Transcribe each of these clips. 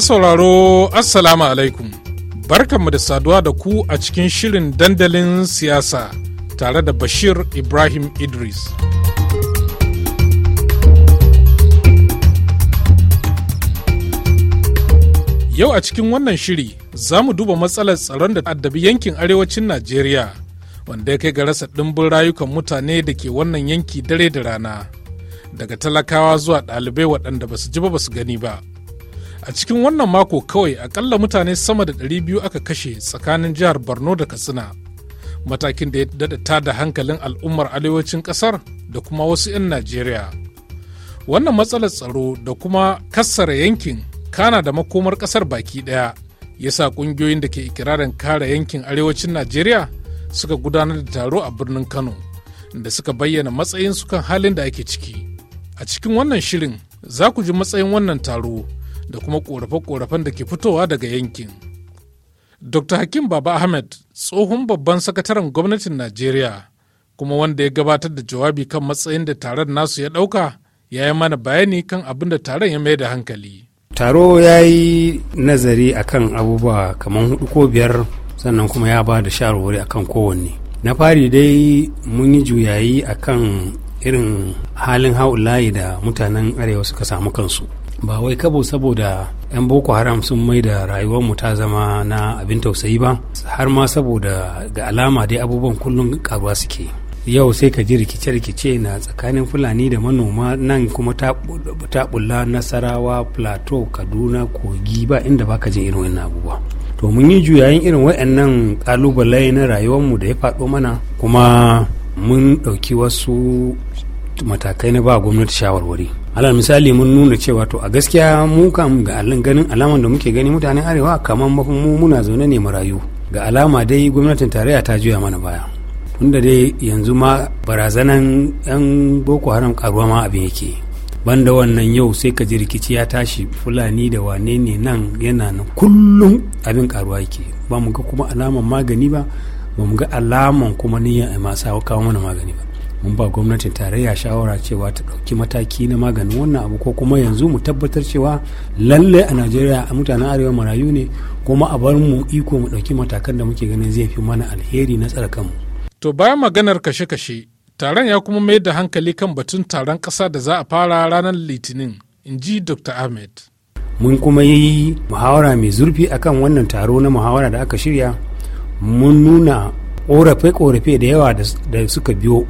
Masu sauraro Assalamu alaikum. Barkanmu da saduwa da ku a cikin shirin dandalin siyasa tare da Bashir Ibrahim Idris. Yau a cikin wannan shiri za mu duba matsalar tsaron da addabi yankin arewacin Najeriya wanda ya kai ga rasa ɗimbin rayukan mutane da ke wannan yanki dare da rana daga talakawa zuwa ɗalibai waɗanda ba su ji ba ba su gani ba. a cikin wannan mako kawai akalla mutane sama da 200 aka kashe tsakanin jihar borno da katsina matakin da ya daɗa da hankalin al'ummar arewacin ƙasar da kuma wasu 'yan najeriya wannan matsalar tsaro da kuma kassara yankin kana da makomar ƙasar baki ɗaya ya sa ƙungiyoyin da ke ikirarin kare yankin arewacin najeriya suka gudanar da taro a birnin kano da suka bayyana matsayin su kan halin da ake ciki a cikin wannan shirin za ku ji matsayin wannan taro da kuma ƙorafe korafen da ke fitowa daga yankin. Dr. Hakim Baba Ahmed tsohon babban sakataren gwamnatin Najeriya kuma wanda ya gabatar da jawabi kan matsayin da taron nasu ya ɗauka ya yi mana bayani kan abin da taron ya mai da hankali. Taro ya yi nazari akan abubuwa kamar hudu ko biyar sannan kuma ya ba da shawarwari akan kowanne. Na fari dai mun yi juyayi akan irin halin haulayi da mutanen arewa suka samu kansu ba wai kabo saboda 'yan boko haram sun mai da mu ta zama na abin tausayi ba har ma saboda ga alama dai abubuwan kullum karuwa suke yau sai ka ji rikice-rikice na tsakanin fulani da manoma nan kuma ta bulla nasarawa plateau kaduna kogi ba inda baka jin irin wannan abubuwa to mun yi juyayin irin waɗannan ƙalubale na rayuwar mu da ya faɗo mana kuma mun ɗauki wasu matakai na ba gwamnati shawarwari alal misali mun nuna cewa to a gaskiya mu kam ga ganin alaman da muke gani mutanen arewa kamar mu muna zaune ne marayu ga alama dai gwamnatin tarayya ta juya mana baya tunda dai yanzu ma barazanan yan boko haram karuwa ma abin yake banda wannan yau sai ka ji rikici ya tashi fulani da wane ne nan yana nan kullum abin karuwa yake ba mu ga kuma alaman magani ba ba mu ga alaman kuma niyan a masu kawo mana magani ba mun ba gwamnatin tarayya shawara cewa ta ɗauki mataki na maganin wannan abu ko kuma yanzu mu tabbatar cewa lallai a najeriya mutanen arewa marayu ne kuma a bar mu iko mu ɗauki matakan da muke ganin zai fi mana alheri na tsar kanmu. to bayan maganar kashe-kashe taron ya kuma mayar da hankali kan batun taron ƙasa da za a fara ranar litinin in ji dr ahmed mun kuma yi muhawara mai zurfi akan wannan taro na muhawara da aka shirya mun nuna korafe-korafe da yawa da suka biyo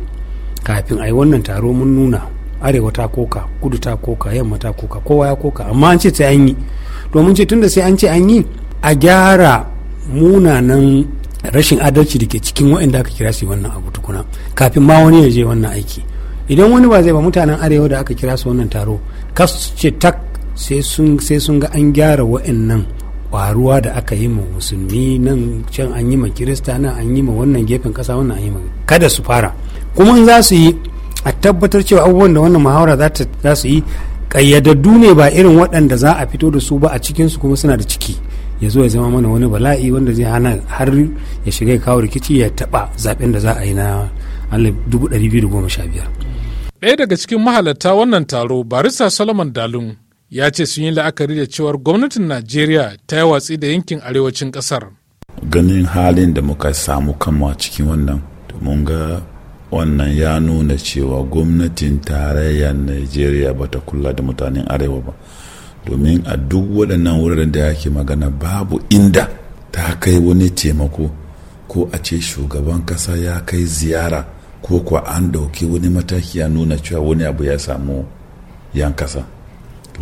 kafin a yi wannan taro mun nuna arewa ta koka kudu ta koka yamma ta koka kowa ya koka amma an ce sai an yi domin ce tunda sai an ce an yi a gyara munanan rashin adalci da ke cikin waɗanda aka kira su wannan abu tukuna kafin ma wani ya je wannan aiki idan wani ba zai ba mutanen arewa da aka kira su wannan taro kas ce tak sai sun ga an gyara waɗannan ƙwaruwa da aka yi ma musulmi nan can an yi ma kirista nan an yi ma wannan gefen ƙasa, wannan an yi ma kada su fara kuma in za su yi a tabbatar cewa abubuwan da wannan muhawara za su yi ƙayyadaddu ne ba irin waɗanda za a fito da su ba a cikinsu kuma suna da ciki ya zo ya zama mana wani bala'i wanda zai hana har ya shiga ya kawo rikici ya taɓa zaɓen da za a yi na biyar ɗaya daga cikin mahalarta wannan taro barista solomon dalun ya ce sun yi la'akari da cewar gwamnatin najeriya ta yi watsi da yankin arewacin ƙasar ganin halin da muka samu kanmu a cikin wannan mun ga wannan ya nuna cewa gwamnatin tarayyar najeriya ba ta kula da mutanen arewa ba domin a duk waɗannan wuraren da yake magana babu inda ta kai wani taimako ko a ce shugaban kasa ya kai ziyara ko kuwa an ɗauki wani mataki ya nuna cewa wani abu ya samu yan kasa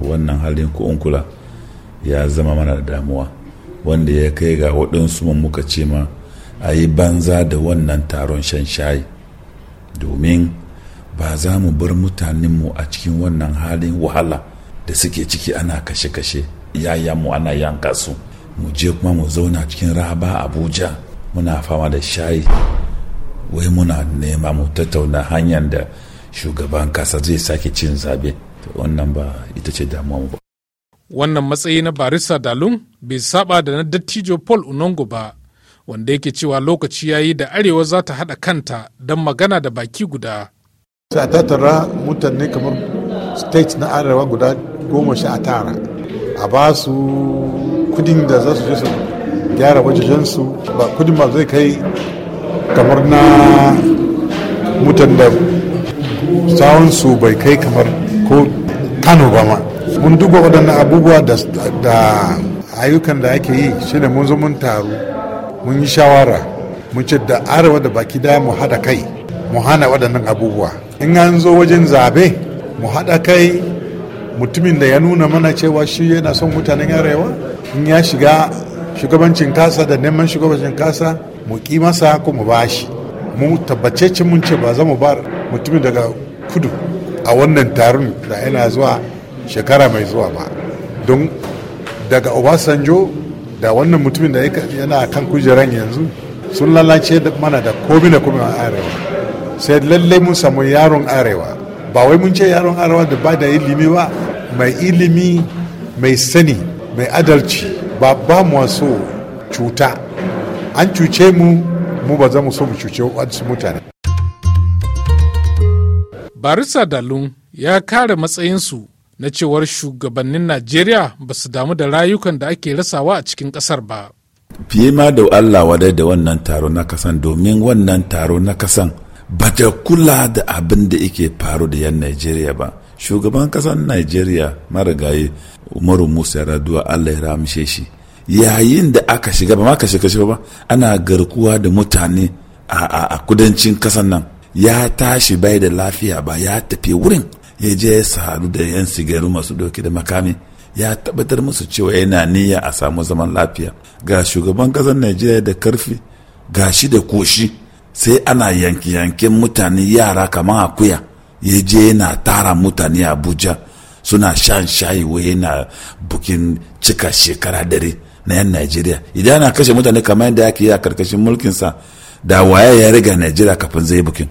wannan halin ko kula ya zama mana da damuwa wanda ya kai ga waɗansu muka ce ma a yi banza da wannan taron shan shayi domin ba za mu bar mutanenmu a cikin wannan halin wahala da suke ciki ana kashe-kashe yayanmu ana yanka su mu je kuma mu zauna cikin raba abuja muna fama da shayi wai muna nema mu tattauna hanyar da shugaban kasa zai sake cin zabe wannan ba ita ce damuwa ba wannan matsayi na barista dalun bai saba da na dattijo paul unongo ba wanda yake cewa lokaci ya yi da arewa za ta haɗa kanta don magana da baki guda. a tara mutane kamar state na arewa guda goma sha tara a ba su kudin da za su je su gyara wajajensu ba kudin ba zai kai kamar na mutan da su bai kai kamar ko kano ba ma mun duba waɗannan abubuwa da ayyukan da ake yi shine mun zo mun taru mun yi shawara mun ce da arewa da baki daya mu hada kai mu hana waɗannan abubuwa in an zo wajen zabe mu hada kai mutumin da ya nuna mana cewa shi yana son mutanen arewa in ya shiga shugabancin kasa da neman shugabancin kasa mu ki masa ko mu bashi mu tabbace mun ce ba za mu bar mutumin daga kudu a wannan taron da yana zuwa shekara mai zuwa ba don daga obasanjo da wannan mutumin da yana kan kujeran yanzu sun lalace mana da komi da komi a arewa sai lalle mun samu yaron arewa ba wai mun ce yaron arewa da ba da ilimi ba mai ilimi mai sani mai adalci ba ba mu so cuta an cuce mu mu ba za mu so mu cuce wasu mutane barisa dalun ya kare matsayinsu na cewar shugabannin najeriya ba su damu da rayukan da ake rasawa a cikin kasar ba fiye ma da allah wadai da wannan taro na kasan domin wannan taro na kasan ba ta kula da abin da yake faru da yan najeriya ba shugaban kasan najeriya marigayi umaru musa ya raduwa allah ya ramshe shi yayin da aka shiga ba ma shiga ba ana garkuwa da mutane a kudancin kasan nan ya tashi bai da lafiya ba ya tafi wurin ya je ya sadu da yan sigari masu doki da makami ya tabbatar musu cewa yana niyya a samu zaman lafiya ga shugaban kasar najeriya da karfi ga shi da koshi sai ana yanke-yanken mutane yara kamar akuya ya je yana tara mutane abuja suna shan shayi wai yana bukin cika shekara dare na yan najeriya idan ana kashe mutane kamar yadda ake yi a karkashin mulkinsa da waye ya riga najeriya kafin zai bukin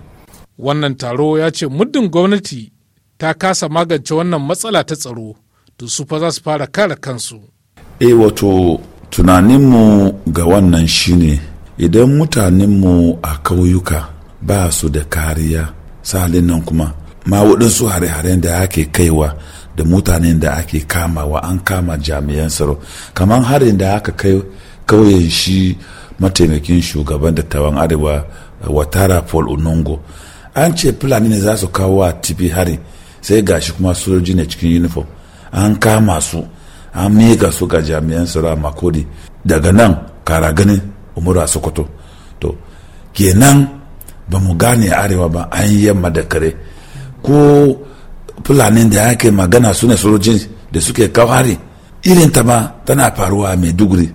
wannan taro ya ce muddin gwamnati ta kasa magance wannan matsala ta tsaro to su fa za su fara kare kansu e wato tunaninmu ga wannan shine idan mutanenmu a kauyuka ba su da kariya salin nan kuma ma waɗansu hare-haren da ake kaiwa da mutanen da ake kamawa an kama jami'an tsaro kamar harin da aka kai kauyen shi mataimakin shugaban da tawan arewa eh, watara paul unongo an ce fulani ne za su kawo a tibi harin sai ga shi kuma sojoji ne cikin uniform an kama su an miƙa su ga jami'an tsaro a makodi daga nan kara ganin umaru a sokoto to kenan ba mu gane arewa ba an yamma da kare ko fulani da yake magana su ne sojojin da suke kawari irin ta ma tana faruwa a maiduguri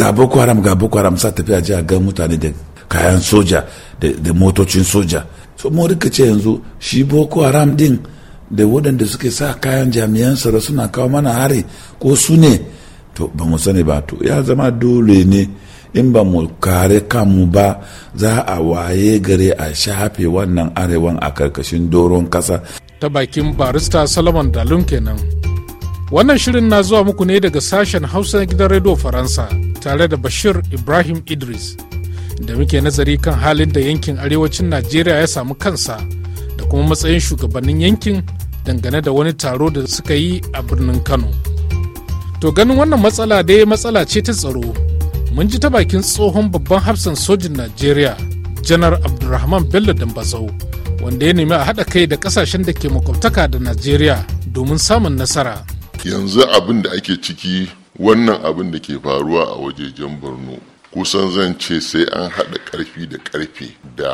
ga boko haram ga boko haram sa tafiya ji a ga mutane da kayan soja da motocin soja so mu rika yanzu shi boko haram din da waɗanda suke sa kayan jami'an tsaro suna kawo mana hari ko su ne to ba mu sani ba to ya zama dole ne in ba mu kare kanmu ba za a waye gare a shafe wannan arewan a karkashin doron kasa ta bakin barista solomon dalun kenan wannan shirin na zuwa muku ne daga sashen hausa gidan rediyo faransa tare da bashir ibrahim idris da muke nazari kan halin da yankin arewacin najeriya ya samu kansa da kuma matsayin shugabannin yankin dangane da wani taro da suka yi a birnin kano to ganin wannan matsala dai matsala ce ta tsaro mun ji ta bakin tsohon babban hafsan sojin najeriya janar abdulrahman bello dambazau wanda ya nemi a haɗa kai da ƙasashen da ke makwabtaka da najeriya domin samun nasara yanzu abin da ake ciki wannan abin da ke faruwa a wajejen borno kusan zan ce sai an haɗa ƙarfi da ƙarfe da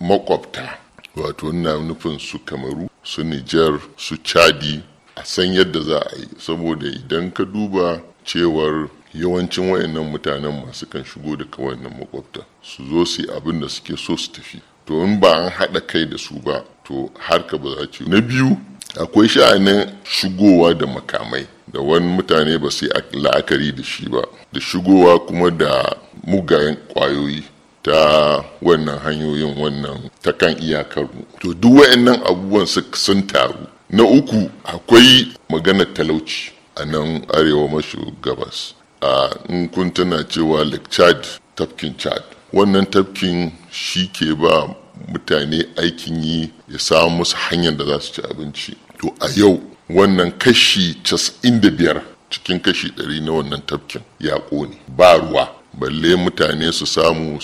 makwabta wato na nufin su kamaru su nijar su chadi a san yadda za a yi saboda idan ka duba cewar yawancin wayannan mutanen masu kan shigo daga wayannan makwabta su zo su yi abin da suke so su tafi to in ba an haɗa kai da su ba to har ka ba za ci na biyu akwai sha'anin shigowa da makamai da wani mutane ba su yi la'akari da shi ba da shigowa kuma da mugayen ƙwayoyi ta wannan hanyoyin wannan ta kan mu? to duk wa'annan abubuwan sun taru na uku akwai maganar talauci a nan arewa maso gabas a in kun tana cewa lake chad tafkin chad wannan tafkin shi ke ba mutane aikin yi ya samu musu hanyar da za su ci abinci to a yau wannan kashi 95 cikin kashi 100 na wannan tafkin ya ƙone ba ruwa balle mutane su samu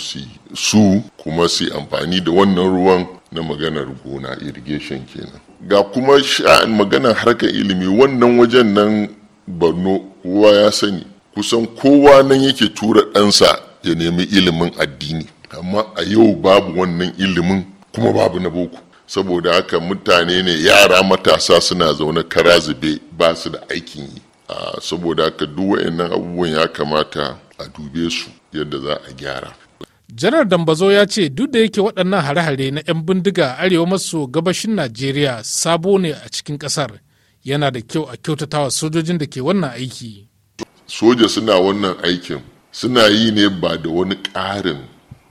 su kuma su amfani da wannan ruwan na maganar gona irrigation kenan ga kuma sha'an maganar harkar ilimi wannan wajen nan borno kowa ya sani kusan kowa nan yake tura ɗansa ya nemi ilimin addini amma a yau babu wannan ilimin kuma babu na boko saboda haka mutane ne yara matasa suna zaune kara zube ba su da aikin yi ah, saboda haka duk waɗannan abubuwan ya kamata a dube su yadda za a gyara janar dambazo ya ce duk da yake waɗannan hare-hare na 'yan bindiga arewa maso gabashin najeriya sabo ne a cikin ƙasar yana da kyau a kyautatawa sojojin da ke wannan aiki soja suna wannan aikin suna yi ne ba da wani ƙarin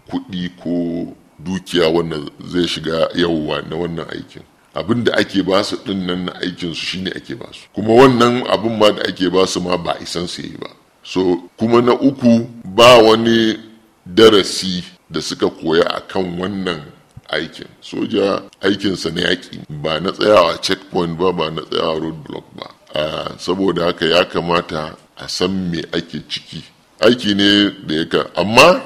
kuɗi ko dukiya wanda zai shiga yawwa na wannan aikin abin da ake ba su ɗin nan na aikinsu shine ake ba su kuma wannan abin ma da ake ba su ma ba isan su yi ba so kuma na uku ba wani darasi da suka koya a kan wannan aikin soja aikinsa na yaƙi ba na tsayawa checkpoint ba ba na tsayawa roadblock ba uh, saboda haka ya kamata a san me ake ciki aiki ne da ya amma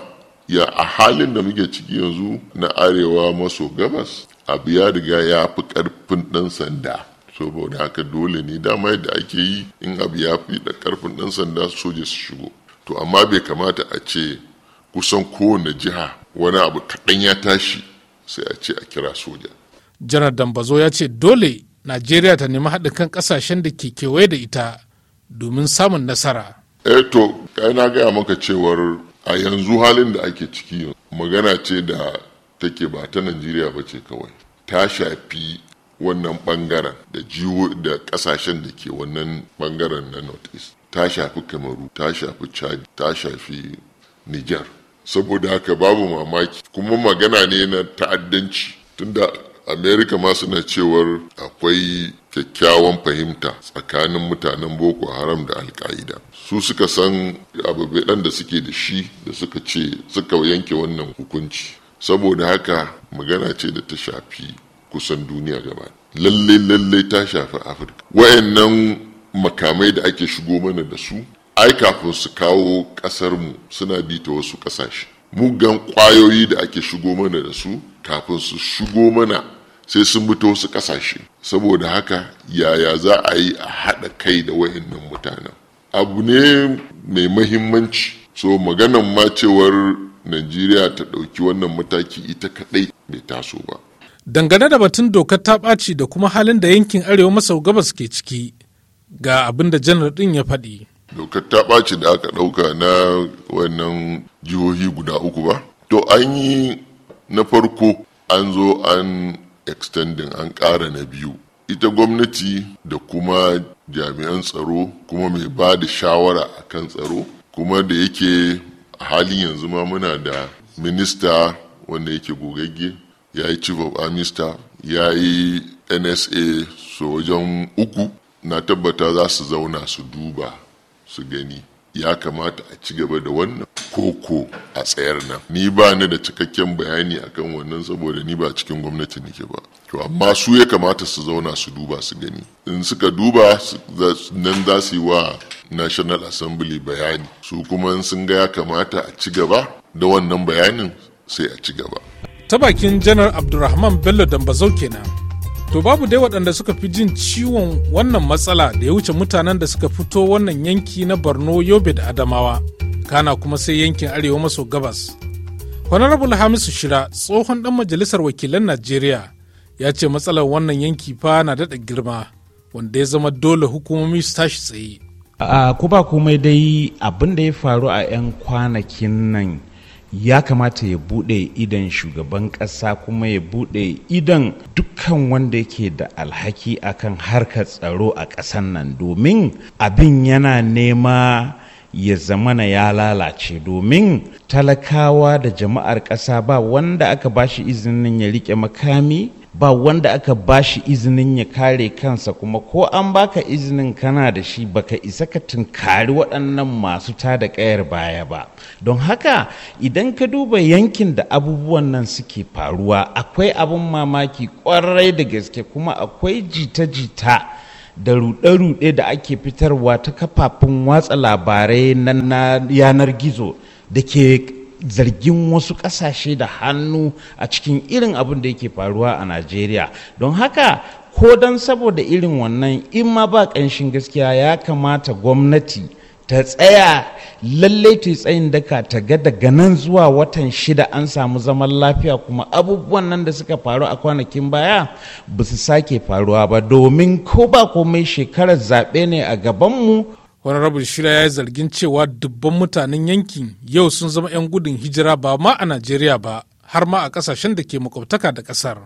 ya a halin da muke ciki yanzu na arewa maso gabas abu ya riga ya fi ƙarfin ɗan sanda saboda haka dole ne dama yadda ake yi in abu ya fi da karfin dan sanda soja su shigo to amma bai kamata a ce kusan kowane jiha wani abu kaɗan ya tashi sai a ce a kira soja janar dambazo ya ce dole najeriya ta nemi haɗin kan ƙasashen da ke kewaye da ita domin samun nasara eh to kai na gaya maka cewar a yanzu halin da ake ciki magana ce da take ba ta najeriya ba ce kawai ta shafi wannan bangaren da jiwo da kasashen da ke wannan bangaren na North northeast ta shafi kamaru ta shafi chad ta shafi niger saboda haka babu mamaki kuma magana ne na ta'addanci tunda america ma suna cewar akwai kyakkyawan fahimta tsakanin mutanen boko haram da alka'ida su suka san dan da suke da shi da suka ce suka yanke wannan hukunci saboda haka magana ce da ta shafi kusan duniya gaba lalle lalle ta shafi afirka wayannan makamai da ake shigo mana da su ai kafin su kawo ƙasarmu suna bi ta wasu ƙasashe mugan kwayoyi da ake shigo mana da su kafin su shigo mana sai sun fito wasu ƙasashe saboda haka yaya za a yi a haɗa kai da wayannan mutanen abu ne mai mahimmanci so maganan macewar cewar najeriya ta ɗauki wannan mataki ita kaɗai bai taso ba dangane da batun dokar ta ɓaci da kuma halin da yankin arewa maso gabas ke ciki ga abin da janar ɗin ya faɗi. dokar ta ɓaci da aka ɗauka na wannan jihohi guda uku ba to an yi na farko an zo an extending an ƙara na biyu ita gwamnati da kuma jami'an tsaro kuma mai ba da shawara a kan tsaro kuma da yake halin yanzu ma muna da minista wanda yake gogagge ya yi chief of army staff ya yi nsa sojan wajen uku na tabbata za su zauna su duba su gani ya kamata a ci gaba da wannan koko a tsayar nan ni ba ni da cikakken bayani akan wannan saboda ni ba cikin gwamnati nake ba to amma su ya kamata su zauna su duba su gani in suka duba nan za su yi wa national assembly bayani su kuma sun ga ya kamata a ci gaba da wannan bayanin sai a ci gaba ta bakin janar abdulrahman bello dambazau kenan to babu dai waɗanda suka fi jin ciwon wannan matsala da ya wuce mutanen da suka fito wannan yanki na borno yobe da adamawa kana kuma sai yankin arewa maso gabas honorable hamisu shira tsohon ɗan majalisar wakilan najeriya ya ce matsalar wannan yanki fa na daɗa girma wanda ya zama dole hukumomi su tashi tsaye a uh, kuma komai dai abin da ya faru a 'yan kwanakin nan ya kamata ya buɗe idan shugaban ƙasa kuma ya buɗe idan dukkan wanda yake da alhaki akan harkar tsaro a ƙasan nan domin abin yana nema ya zamana ya lalace domin talakawa da jama'ar ƙasa ba wanda aka bashi izinin ya riƙe makami ba wanda aka bashi izinin ya kare kansa kuma ko an baka izinin kana da shi baka isa ka tunkari waɗannan masu tada ƙayar baya ba don haka idan ka duba yankin da abubuwan nan suke faruwa akwai abin mamaki ƙwarai da gaske kuma akwai jita-jita da ruɗe-ruɗe da ake fitarwa ta kafafun watsa labarai na yanar gizo da ke zargin wasu ƙasashe da hannu a cikin irin abin da yake faruwa a najeriya don haka ko don saboda irin wannan in ma ba ƙanshin gaskiya ya kamata gwamnati ta tsaya lallai ta tsayin daka ta ga daga nan zuwa watan shida an samu zaman lafiya kuma abubuwan nan da suka faru a kwanakin baya ba su sake faruwa ba domin ko ba komai shekarar zaɓe ne a gabanmu wani rabin shirya ya yi zargin cewa dubban mutanen yankin yau sun zama 'yan gudun hijira ba ma a najeriya ba har ma a kasashen da ke makwabtaka da kasar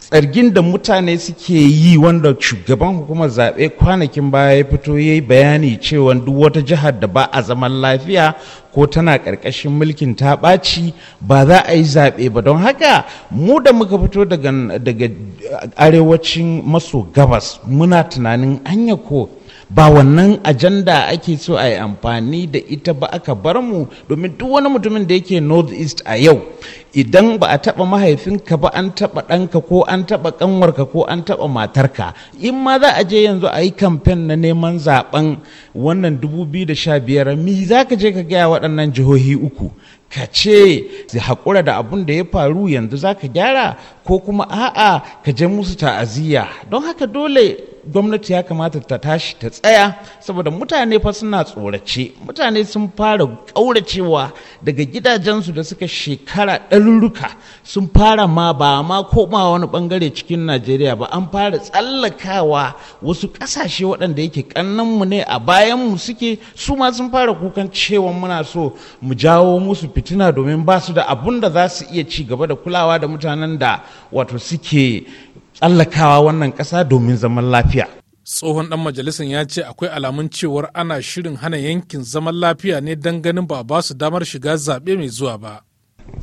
tsargin da mutane suke yi wanda shugaban hukumar zaɓe kwanakin baya ya fito ya yi bayani cewa duk wata jihar da ba a zaman lafiya ko tana ƙarƙashin mulkin ta ɓaci ba za a yi zaɓe ba don haka mu da muka fito daga arewacin maso gabas muna tunanin anya ko ba wannan ajanda ake so a yi amfani da ita ba aka bar mu domin duk wani mutumin da yake north east a yau idan ba a taɓa mahaifinka ba an taba ɗanka ko an taɓa ƙanwarka ko an taba matarka in ma za a je yanzu a yi kamfen na neman zaɓen wannan 2015 mi za ka je ka gaya waɗannan jihohi uku ka ce su haƙura da abun da ya faru yanzu za ka gyara ko kuma a'a ka je musu ta'aziyya don haka dole gwamnati ya kamata ta tashi ta tsaya saboda mutane fa suna tsorace mutane sun fara ƙauracewa daga gidajensu da suka shekara ɗarurruka sun fara ma ba ma koma wani bangare cikin najeriya ba an fara tsallakawa wasu ƙasashe waɗanda yake mu ne a bayanmu suke su ma sun fara kukan cewa muna so mu jawo musu fitina domin ba su da abun da za su iya ci gaba da kulawa da mutanen da wato suke tsallakawa wannan ƙasa domin zaman lafiya. tsohon ɗan majalisar ya ce akwai alamun cewar ana shirin hana yankin zaman lafiya ne don ganin ba ba su damar shiga zaɓe mai zuwa ba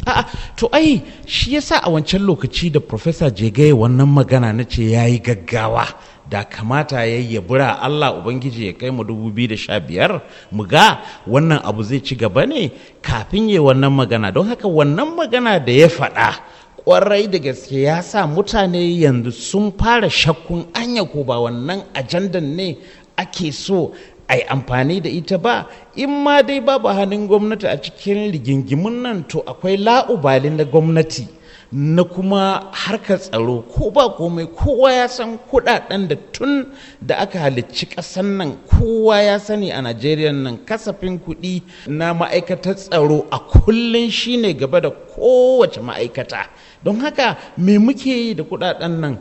a'a to ai shi yasa a wancan lokaci da Profesa jegaye wannan magana na ce ya yi gaggawa da kamata ya yi bura Allah Ubangiji ya kai mu dubu biyu da 2015 mu ga wannan abu zai ci gaba ne kafin ya wannan magana don haka wannan magana da ya faɗa kwarai da gaske ya sa mutane yanzu sun fara shakkun anya ko ba wannan ajandan ne ake so a amfani da ita ba in ma dai babu hannun gwamnati a cikin rigingimun nan to akwai la'ubali na gwamnati na kuma harkar tsaro ko ba komai kowa ya san kudaden da tun da aka halicci ƙasar nan kowa ya sani a najeriya nan kasafin kuɗi na ma'aikatar tsaro a kullum shine gaba da kowace ma'aikata don haka me muke yi da kudaden nan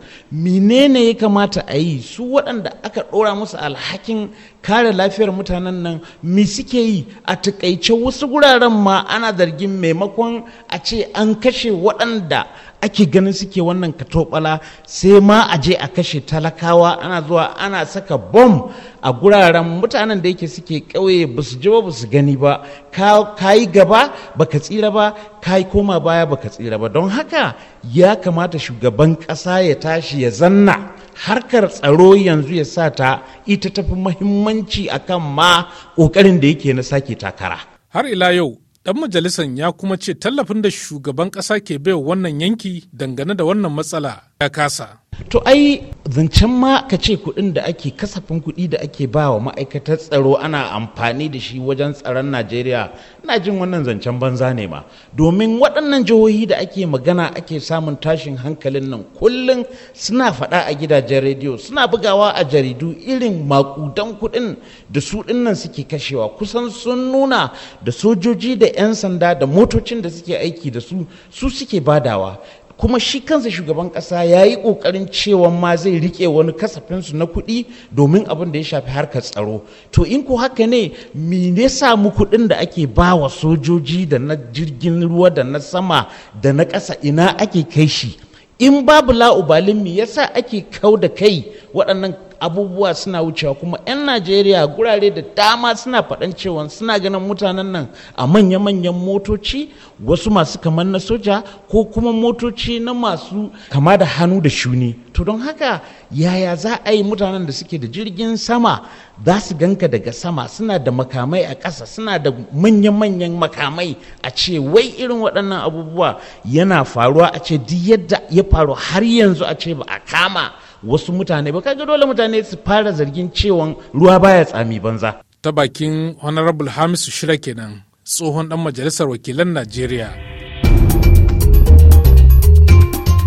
menene ya kamata a yi su waɗanda aka ɗora musu alhakin kare lafiyar mutanen nan me suke yi a takaice wasu guraren ma ana zargin maimakon a ce an kashe waɗanda ake ganin suke wannan katobala sai ma a je a kashe talakawa ana zuwa ana saka bom a guraren mutanen da yake suke ƙauye ba su ji ba ba su gani ba ka yi gaba ba ka tsira ba ka yi koma baya ba ka tsira ba don haka ya kamata shugaban ƙasa ya tashi ya zanna harkar tsaro yanzu ya sa ta ita tafi muhimmanci akan ma ƙoƙarin da yake na sake takara har ila yau Ɗan majalisan ya kuma ce tallafin da shugaban ƙasa ke baiwa wannan yanki dangane da wannan matsala ya kasa to ai zancen ma ka ce kuɗin da ake kasafin kuɗi da ake ba wa ma'aikatar tsaro ana amfani da shi wajen tsaron najeriya na jin wannan zancen banza ne ma domin waɗannan jihohi da ake magana ake samun tashin hankalin nan kullum suna faɗa a gidajen rediyo suna bugawa a jaridu irin makudan kuɗin da su ɗinnan suke kashewa kusan sun nuna da sojoji da 'yan sanda da motocin da suke aiki da su su suke badawa kuma shi kansa shugaban kasa ya yi ƙoƙarin cewa ma zai riƙe wani kasafinsu na kuɗi domin abin da ya shafi harkar tsaro to in ko haka ne me ne samu kuɗin da ake ba wa sojoji da na jirgin ruwa da na sama da na ƙasa ina ake kai shi in babu la'ubalin me yasa ake kau da kai waɗannan abubuwa suna wucewa kuma 'yan najeriya gurare da dama suna faɗan cewa suna ganin mutanen nan a manya-manyan motoci wasu masu kamar na soja ko kuma motoci na masu kama da hannu da shuni to don haka yaya za a yi mutanen da suke da jirgin sama za su ganka daga sama suna da makamai a ƙasa suna da manya-manyan makamai a ce wai irin waɗannan abubuwa yana faruwa a ce duk yadda ya faru har yanzu a ce ba a kama wasu mutane ba kaga dole mutane su fara zargin cewan ruwa baya tsami banza ta bakin honorable hamisu shira kenan tsohon dan majalisar wakilan najeriya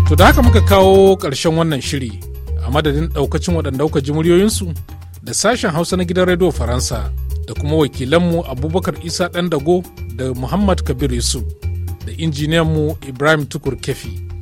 to da haka muka kawo karshen wannan shiri a madadin ɗaukacin waɗanda kuka ji muryoyinsu da sashen hausa na gidan rediyo faransa da kuma wakilanmu abubakar isa ɗan dago da muhammad kabir yusuf da injiniyanmu ibrahim tukur kefi